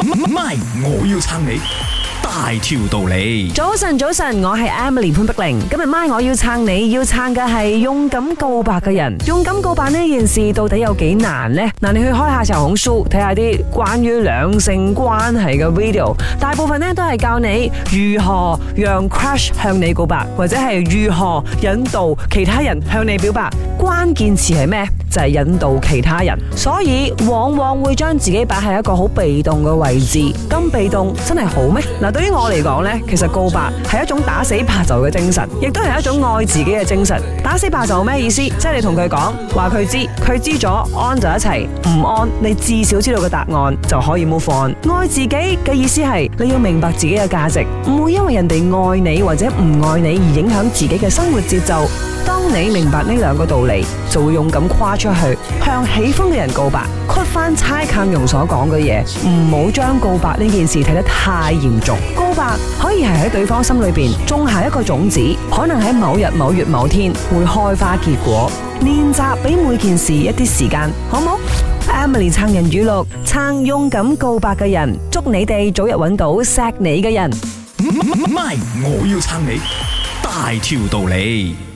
唔係，MY，我要撐你。大條道理，早晨早晨，我係 Emily 潘碧玲，今日 my 我要撐你要撐嘅係勇敢告白嘅人，勇敢告白呢件事到底有幾難呢？嗱、呃，你去開下小紅書，睇下啲關於兩性關係嘅 video，大部分呢都係教你如何讓 crush 向你告白，或者係如何引導其他人向你表白。關鍵詞係咩？就係、是、引導其他人，所以往往會將自己擺喺一個好被動嘅位置。咁被動真係好咩？呃對於我嚟講咧，其實告白係一種打死罷就嘅精神，亦都係一種愛自己嘅精神。打死罷就咩意思？即係你同佢講，話佢知道了，佢知咗啱就一齊，唔啱你至少知道個答案就可以冇放。愛自己嘅意思係你要明白自己嘅價值，唔會因為人哋愛你或者唔愛你而影響自己嘅生活節奏。當你明白呢兩個道理，就會勇敢跨出去向喜歡嘅人告白。屈翻蔡康永所講嘅嘢，唔好將告白呢件事睇得太嚴重。告白可以係喺對方心裏邊種下一個種子，可能喺某日某月某天會開花結果。練習俾每件事一啲時間，好唔好？Emily 撐人語錄，撐勇敢告白嘅人，祝你哋早日搵到錫你嘅人。唔係，我要撐你，大條道理。